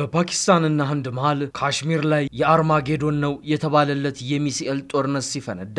በፓኪስታንና ህንድ መሃል ካሽሚር ላይ የአርማጌዶን ነው የተባለለት የሚሳኤል ጦርነት ሲፈነዳ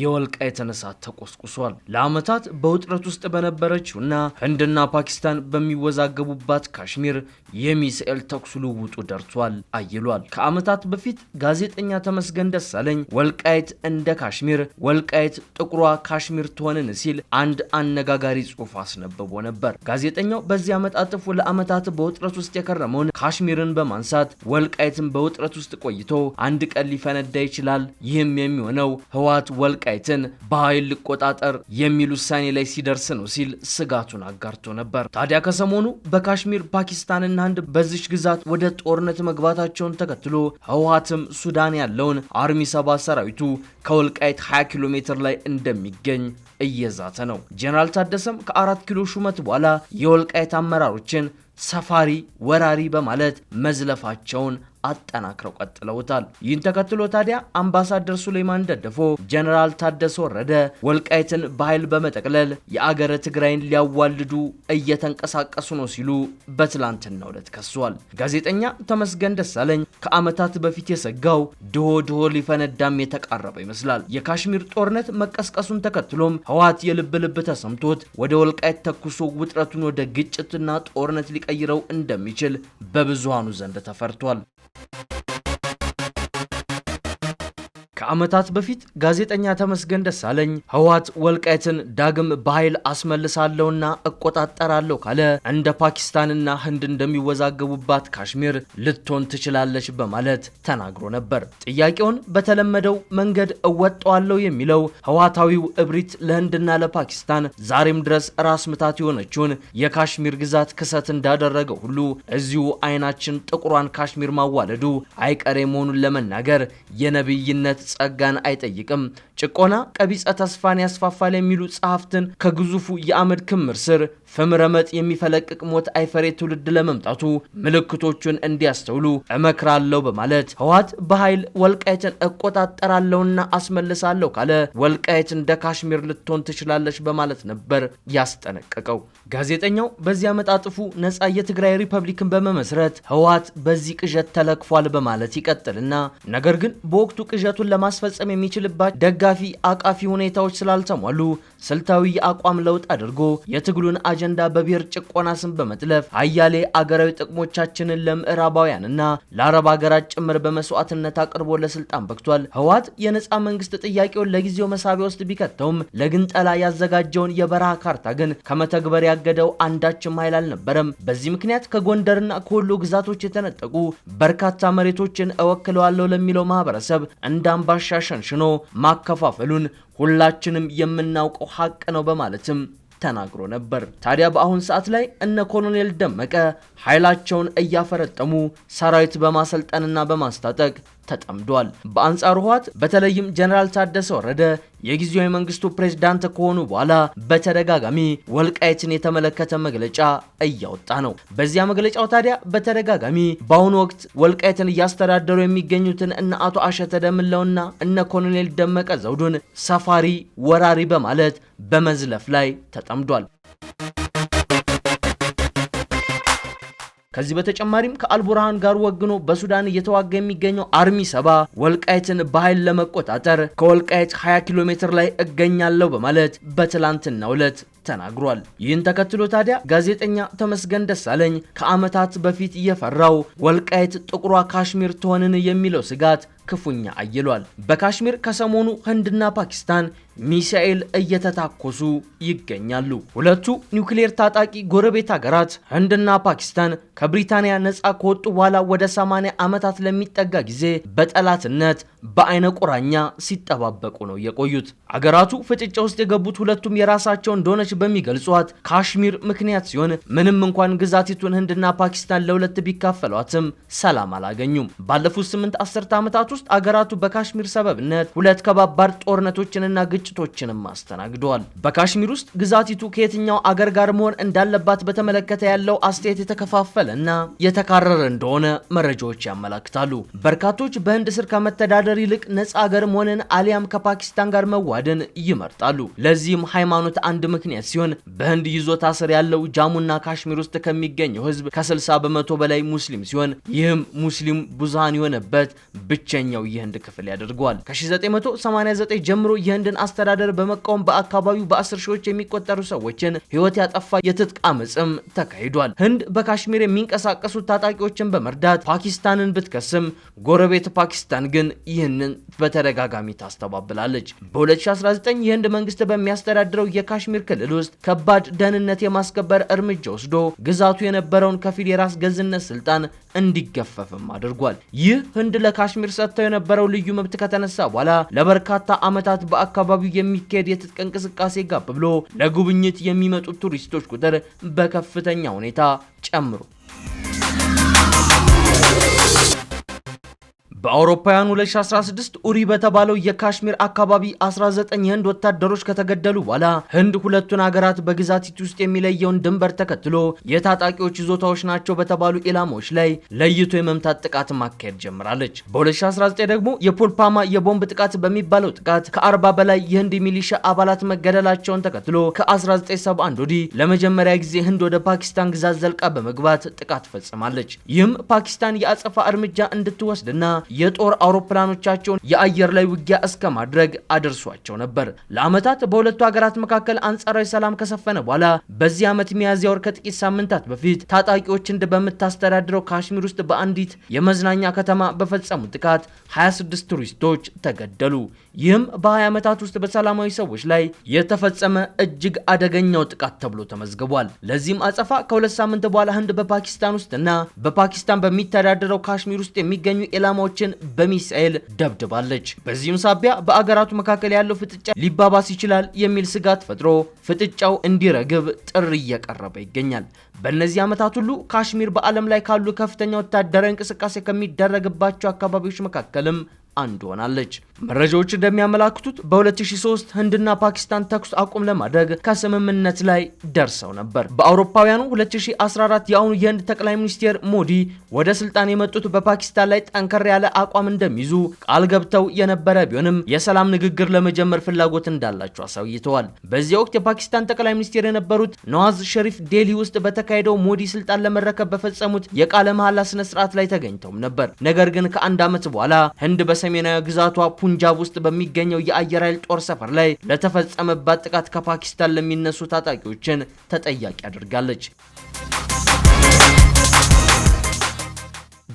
የወልቃይትን እሳት ተቆስቁሷል። ለዓመታት በውጥረት ውስጥ በነበረችው እና ህንድና ፓኪስታን በሚወዛገቡባት ካሽሚር የሚሳኤል ተኩስ ልውውጡ ደርቷል አይሏል። ከአመታት በፊት ጋዜጠኛ ተመስገን ደሳለኝ ወልቃይት እንደ ካሽሚር፣ ወልቃይት ጥቁሯ ካሽሚር ትሆንን ሲል አንድ አነጋጋሪ ጽሑፍ አስነብቦ ነበር። ጋዜጠኛው በዚህ አመጣጥፉ ለዓመታት በውጥረት ውስጥ የከረመውን ካሽሚርን በማንሳት ወልቃይትን በውጥረት ውስጥ ቆይቶ አንድ ቀን ሊፈነዳ ይችላል። ይህም የሚሆነው ወል ወልቃይትን በኃይል ልቆጣጠር የሚል ውሳኔ ላይ ሲደርስ ነው ሲል ስጋቱን አጋርቶ ነበር። ታዲያ ከሰሞኑ በካሽሚር ፓኪስታንና ህንድ በዚች ግዛት ወደ ጦርነት መግባታቸውን ተከትሎ ህወሀትም ሱዳን ያለውን አርሚ ሰባ ሰራዊቱ ከወልቃይት 20 ኪሎ ሜትር ላይ እንደሚገኝ እየዛተ ነው። ጀነራል ታደሰም ከአራት ኪሎ ሹመት በኋላ የወልቃይት አመራሮችን ሰፋሪ ወራሪ በማለት መዝለፋቸውን አጠናክረው ቀጥለውታል። ይህን ተከትሎ ታዲያ አምባሳደር ሱሌይማን ደደፎ ጀነራል ታደሰ ወረደ ወልቃይትን በኃይል በመጠቅለል የአገረ ትግራይን ሊያዋልዱ እየተንቀሳቀሱ ነው ሲሉ በትላንትናው ዕለት ከሷል። ጋዜጠኛ ተመስገን ደሳለኝ ከዓመታት በፊት የሰጋው ድሆ ድሆ ሊፈነዳም የተቃረበ ይመስላል። የካሽሚር ጦርነት መቀስቀሱን ተከትሎም ህወሓት የልብ ልብ ተሰምቶት ወደ ወልቃይት ተኩሶ ውጥረቱን ወደ ግጭትና ጦርነት ሊቀይረው እንደሚችል በብዙሃኑ ዘንድ ተፈርቷል። ከዓመታት በፊት ጋዜጠኛ ተመስገን ደሳለኝ ህወሓት ወልቃይትን ዳግም በኃይል አስመልሳለሁና እቆጣጠራለሁ ካለ እንደ ፓኪስታንና ህንድ እንደሚወዛገቡባት ካሽሚር ልትሆን ትችላለች በማለት ተናግሮ ነበር። ጥያቄውን በተለመደው መንገድ እወጣዋለሁ የሚለው ህወሓታዊው እብሪት ለህንድና ለፓኪስታን ዛሬም ድረስ ራስ ምታት የሆነችውን የካሽሚር ግዛት ክሰት እንዳደረገ ሁሉ እዚሁ አይናችን ጥቁሯን ካሽሚር ማዋለዱ አይቀሬ መሆኑን ለመናገር የነብይነት ጸጋን አይጠይቅም። ጭቆና ቀቢጸ ተስፋን ያስፋፋል የሚሉ ጸሐፍትን ከግዙፉ የአመድ ክምር ስር ፍምረመጥ የሚፈለቅቅ ሞት አይፈሬ ትውልድ ለመምጣቱ ምልክቶቹን እንዲያስተውሉ እመክራለሁ በማለት ህወሓት በኃይል ወልቃየትን እቆጣጠራለሁና አስመልሳለሁ ካለ ወልቃየት እንደ ካሽሚር ልትሆን ትችላለች በማለት ነበር ያስጠነቀቀው። ጋዜጠኛው በዚህ አመጣጥፉ ነፃ የትግራይ ሪፐብሊክን በመመስረት ህወሓት በዚህ ቅዠት ተለክፏል በማለት ይቀጥልና ነገር ግን በወቅቱ ቅዠቱን ለማስፈጸም የሚችልባት ደጋ ደጋፊ አቃፊ ሁኔታዎች ስላልተሟሉ ስልታዊ አቋም ለውጥ አድርጎ የትግሉን አጀንዳ በብሔር ጭቆና ስም በመጥለፍ አያሌ አገራዊ ጥቅሞቻችንን ለምዕራባውያንና ለአረብ ሀገራት ጭምር በመስዋዕትነት አቅርቦ ለስልጣን በቅቷል። ህወሓት የነፃ መንግስት ጥያቄውን ለጊዜው መሳቢያ ውስጥ ቢከተውም ለግንጠላ ያዘጋጀውን የበረሃ ካርታ ግን ከመተግበር ያገደው አንዳችም ኃይል አልነበረም። በዚህ ምክንያት ከጎንደርና ከወሎ ግዛቶች የተነጠቁ በርካታ መሬቶችን እወክለዋለሁ ለሚለው ማህበረሰብ እንደ ሸንሽኖ ማከፋ መከፋፈሉን ሁላችንም የምናውቀው ሀቅ ነው በማለትም ተናግሮ ነበር። ታዲያ በአሁን ሰዓት ላይ እነ ኮሎኔል ደመቀ ኃይላቸውን እያፈረጠሙ ሰራዊት በማሰልጠንና በማስታጠቅ ተጠምዷል። በአንጻሩ ህወሓት በተለይም ጀነራል ታደሰ ወረደ የጊዜያዊ መንግስቱ ፕሬዝዳንት ከሆኑ በኋላ በተደጋጋሚ ወልቃይትን የተመለከተ መግለጫ እያወጣ ነው። በዚያ መግለጫው ታዲያ በተደጋጋሚ በአሁኑ ወቅት ወልቃይትን እያስተዳደሩ የሚገኙትን እነ አቶ አሸተ ደምለውና እነ ኮሎኔል ደመቀ ዘውዱን ሰፋሪ ወራሪ በማለት በመዝለፍ ላይ ተጠምዷል። ከዚህ በተጨማሪም ከአልቡርሃን ጋር ወግኖ በሱዳን እየተዋጋ የሚገኘው አርሚ ሰባ ወልቃይትን በኃይል ለመቆጣጠር ከወልቃይት 20 ኪሎ ሜትር ላይ እገኛለሁ በማለት በትላንትናው ዕለት ተናግሯል። ይህን ተከትሎ ታዲያ ጋዜጠኛ ተመስገን ደሳለኝ ከዓመታት በፊት የፈራው ወልቃይት ጥቁሯ ካሽሚር ትሆንን የሚለው ስጋት ክፉኛ አይሏል። በካሽሚር ከሰሞኑ ህንድና ፓኪስታን ሚሳኤል እየተታኮሱ ይገኛሉ። ሁለቱ ኒውክሌር ታጣቂ ጎረቤት ሀገራት ህንድና ፓኪስታን ከብሪታንያ ነጻ ከወጡ በኋላ ወደ 80 ዓመታት ለሚጠጋ ጊዜ በጠላትነት በአይነ ቁራኛ ሲጠባበቁ ነው የቆዩት። አገራቱ ፍጥጫ ውስጥ የገቡት ሁለቱም የራሳቸውን እንደሆነች በሚገልጿት ካሽሚር ምክንያት ሲሆን ምንም እንኳን ግዛቲቱን ህንድና ፓኪስታን ለሁለት ቢካፈሏትም ሰላም አላገኙም። ባለፉት ስምንት አስርተ ዓመታት ውስጥ አገራቱ በካሽሚር ሰበብነት ሁለት ከባባድ ጦርነቶችንና ግጭቶችንም አስተናግደዋል። በካሽሚር ውስጥ ግዛቲቱ ከየትኛው አገር ጋር መሆን እንዳለባት በተመለከተ ያለው አስተያየት የተከፋፈለ የተካረረ እንደሆነ መረጃዎች ያመላክታሉ። በርካቶች በህንድ ስር ከመተዳደር ይልቅ ነጻ አገር መሆንን አሊያም ከፓኪስታን ጋር መዋደን ይመርጣሉ። ለዚህም ሃይማኖት አንድ ምክንያት ሲሆን በህንድ ይዞታ ስር ያለው ጃሙና ካሽሚር ውስጥ ከሚገኘው ህዝብ ከ60 በመቶ በላይ ሙስሊም ሲሆን ይህም ሙስሊም ብዙሃን የሆነበት ብቸኛ ሁለተኛው የህንድ ክፍል ያደርገዋል። ከ1989 ጀምሮ የህንድን አስተዳደር በመቃወም በአካባቢው በአስር ሺዎች የሚቆጠሩ ሰዎችን ህይወት ያጠፋ የትጥቅ አመፅም ተካሂዷል። ህንድ በካሽሚር የሚንቀሳቀሱ ታጣቂዎችን በመርዳት ፓኪስታንን ብትከስም ጎረቤት ፓኪስታን ግን ይህንን በተደጋጋሚ ታስተባብላለች። በ2019 የህንድ መንግስት በሚያስተዳድረው የካሽሚር ክልል ውስጥ ከባድ ደህንነት የማስከበር እርምጃ ወስዶ ግዛቱ የነበረውን ከፊል የራስ ገዝነት ስልጣን እንዲገፈፍም አድርጓል። ይህ ህንድ ለካሽሚር ሰ ተፈታው የነበረው ልዩ መብት ከተነሳ በኋላ ለበርካታ ዓመታት በአካባቢው የሚካሄድ የትጥቅ እንቅስቃሴ ጋብ ብሎ ለጉብኝት የሚመጡት ቱሪስቶች ቁጥር በከፍተኛ ሁኔታ ጨምሮ በአውሮፓውያኑ 2016 ኡሪ በተባለው የካሽሚር አካባቢ 19 የህንድ ወታደሮች ከተገደሉ በኋላ ህንድ ሁለቱን ሀገራት በግዛቲቱ ውስጥ የሚለየውን ድንበር ተከትሎ የታጣቂዎች ይዞታዎች ናቸው በተባሉ ኢላማዎች ላይ ለይቶ የመምታት ጥቃት ማካሄድ ጀምራለች። በ2019 ደግሞ የፑልፓማ የቦምብ ጥቃት በሚባለው ጥቃት ከ40 በላይ የህንድ ሚሊሻ አባላት መገደላቸውን ተከትሎ ከ1971 ወዲህ ለመጀመሪያ ጊዜ ህንድ ወደ ፓኪስታን ግዛት ዘልቃ በመግባት ጥቃት ፈጽማለች። ይህም ፓኪስታን የአጸፋ እርምጃ እንድትወስድና የጦር አውሮፕላኖቻቸውን የአየር ላይ ውጊያ እስከ ማድረግ አድርሷቸው ነበር። ለዓመታት በሁለቱ ሀገራት መካከል አንጻራዊ ሰላም ከሰፈነ በኋላ በዚህ ዓመት ሚያዝያ ወር ከጥቂት ሳምንታት በፊት ታጣቂዎች እንደ በምታስተዳድረው ካሽሚር ውስጥ በአንዲት የመዝናኛ ከተማ በፈጸሙ ጥቃት 26 ቱሪስቶች ተገደሉ። ይህም በ20 ዓመታት ውስጥ በሰላማዊ ሰዎች ላይ የተፈጸመ እጅግ አደገኛው ጥቃት ተብሎ ተመዝግቧል። ለዚህም አጸፋ ከሁለት ሳምንት በኋላ ህንድ በፓኪስታን ውስጥና በፓኪስታን በሚተዳደረው ካሽሚር ውስጥ የሚገኙ ኢላማዎች ኢላማዎችን በሚሳኤል ደብድባለች። በዚህም ሳቢያ በአገራቱ መካከል ያለው ፍጥጫ ሊባባስ ይችላል የሚል ስጋት ፈጥሮ ፍጥጫው እንዲረግብ ጥሪ እየቀረበ ይገኛል። በእነዚህ ዓመታት ሁሉ ካሽሚር በዓለም ላይ ካሉ ከፍተኛ ወታደራዊ እንቅስቃሴ ከሚደረግባቸው አካባቢዎች መካከልም አንዱ ሆናለች። መረጃዎች እንደሚያመላክቱት በ2003 ህንድና ፓኪስታን ተኩስ አቁም ለማድረግ ከስምምነት ላይ ደርሰው ነበር። በአውሮፓውያኑ 2014 የአሁኑ የህንድ ጠቅላይ ሚኒስቴር ሞዲ ወደ ስልጣን የመጡት በፓኪስታን ላይ ጠንከር ያለ አቋም እንደሚይዙ ቃል ገብተው የነበረ ቢሆንም የሰላም ንግግር ለመጀመር ፍላጎት እንዳላቸው አሳይተዋል። በዚያ ወቅት የፓኪስታን ጠቅላይ ሚኒስቴር የነበሩት ነዋዝ ሸሪፍ ዴሊ ውስጥ በተካሄደው ሞዲ ስልጣን ለመረከብ በፈጸሙት የቃለ መሐላ ስነስርዓት ላይ ተገኝተውም ነበር። ነገር ግን ከአንድ ዓመት በኋላ ህንድ በሰሜናዊ ግዛቷ ፑንጃብ ውስጥ በሚገኘው የአየር ኃይል ጦር ሰፈር ላይ ለተፈጸመባት ጥቃት ከፓኪስታን ለሚነሱ ታጣቂዎችን ተጠያቂ አድርጋለች።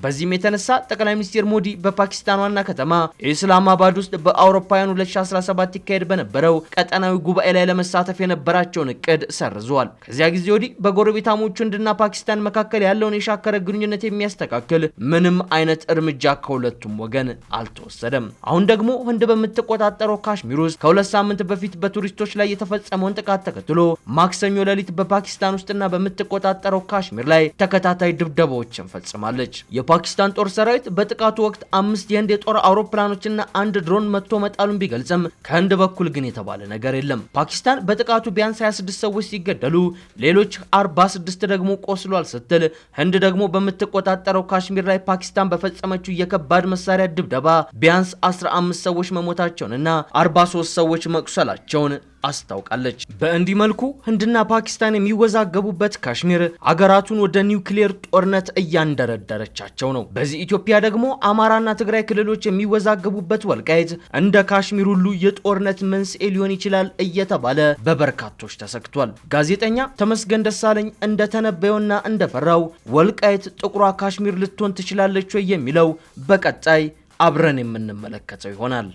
በዚህም የተነሳ ጠቅላይ ሚኒስትር ሞዲ በፓኪስታን ዋና ከተማ ኢስላማባድ ውስጥ በአውሮፓውያን 2017 ይካሄድ በነበረው ቀጠናዊ ጉባኤ ላይ ለመሳተፍ የነበራቸውን እቅድ ሰርዟል። ከዚያ ጊዜ ወዲህ በጎረቤታሞቹ ህንድና ፓኪስታን መካከል ያለውን የሻከረ ግንኙነት የሚያስተካክል ምንም አይነት እርምጃ ከሁለቱም ወገን አልተወሰደም። አሁን ደግሞ ህንድ በምትቆጣጠረው ካሽሚር ውስጥ ከሁለት ሳምንት በፊት በቱሪስቶች ላይ የተፈጸመውን ጥቃት ተከትሎ ማክሰኞ ሌሊት በፓኪስታን ውስጥና በምትቆጣጠረው ካሽሚር ላይ ተከታታይ ድብደባዎችን ፈጽማለች። የፓኪስታን ጦር ሰራዊት በጥቃቱ ወቅት አምስት የህንድ የጦር አውሮፕላኖችና አንድ ድሮን መጥቶ መጣሉን ቢገልጽም ከህንድ በኩል ግን የተባለ ነገር የለም። ፓኪስታን በጥቃቱ ቢያንስ 26 ሰዎች ሲገደሉ ሌሎች 46 ደግሞ ቆስሏል ስትል ህንድ ደግሞ በምትቆጣጠረው ካሽሚር ላይ ፓኪስታን በፈጸመችው የከባድ መሳሪያ ድብደባ ቢያንስ 15 ሰዎች መሞታቸውንና 43 ሰዎች መቁሰላቸውን አስታውቃለች። በእንዲህ መልኩ ህንድና ፓኪስታን የሚወዛገቡበት ካሽሚር አገራቱን ወደ ኒውክሌር ጦርነት እያንደረደረቻቸው ነው። በዚህ ኢትዮጵያ ደግሞ አማራና ትግራይ ክልሎች የሚወዛገቡበት ወልቃይት እንደ ካሽሚር ሁሉ የጦርነት መንስኤ ሊሆን ይችላል እየተባለ በበርካቶች ተሰግቷል። ጋዜጠኛ ተመስገን ደሳለኝ እንደተነበየውና እንደፈራው ወልቃይት ጥቁሯ ካሽሚር ልትሆን ትችላለች ወይ የሚለው በቀጣይ አብረን የምንመለከተው ይሆናል።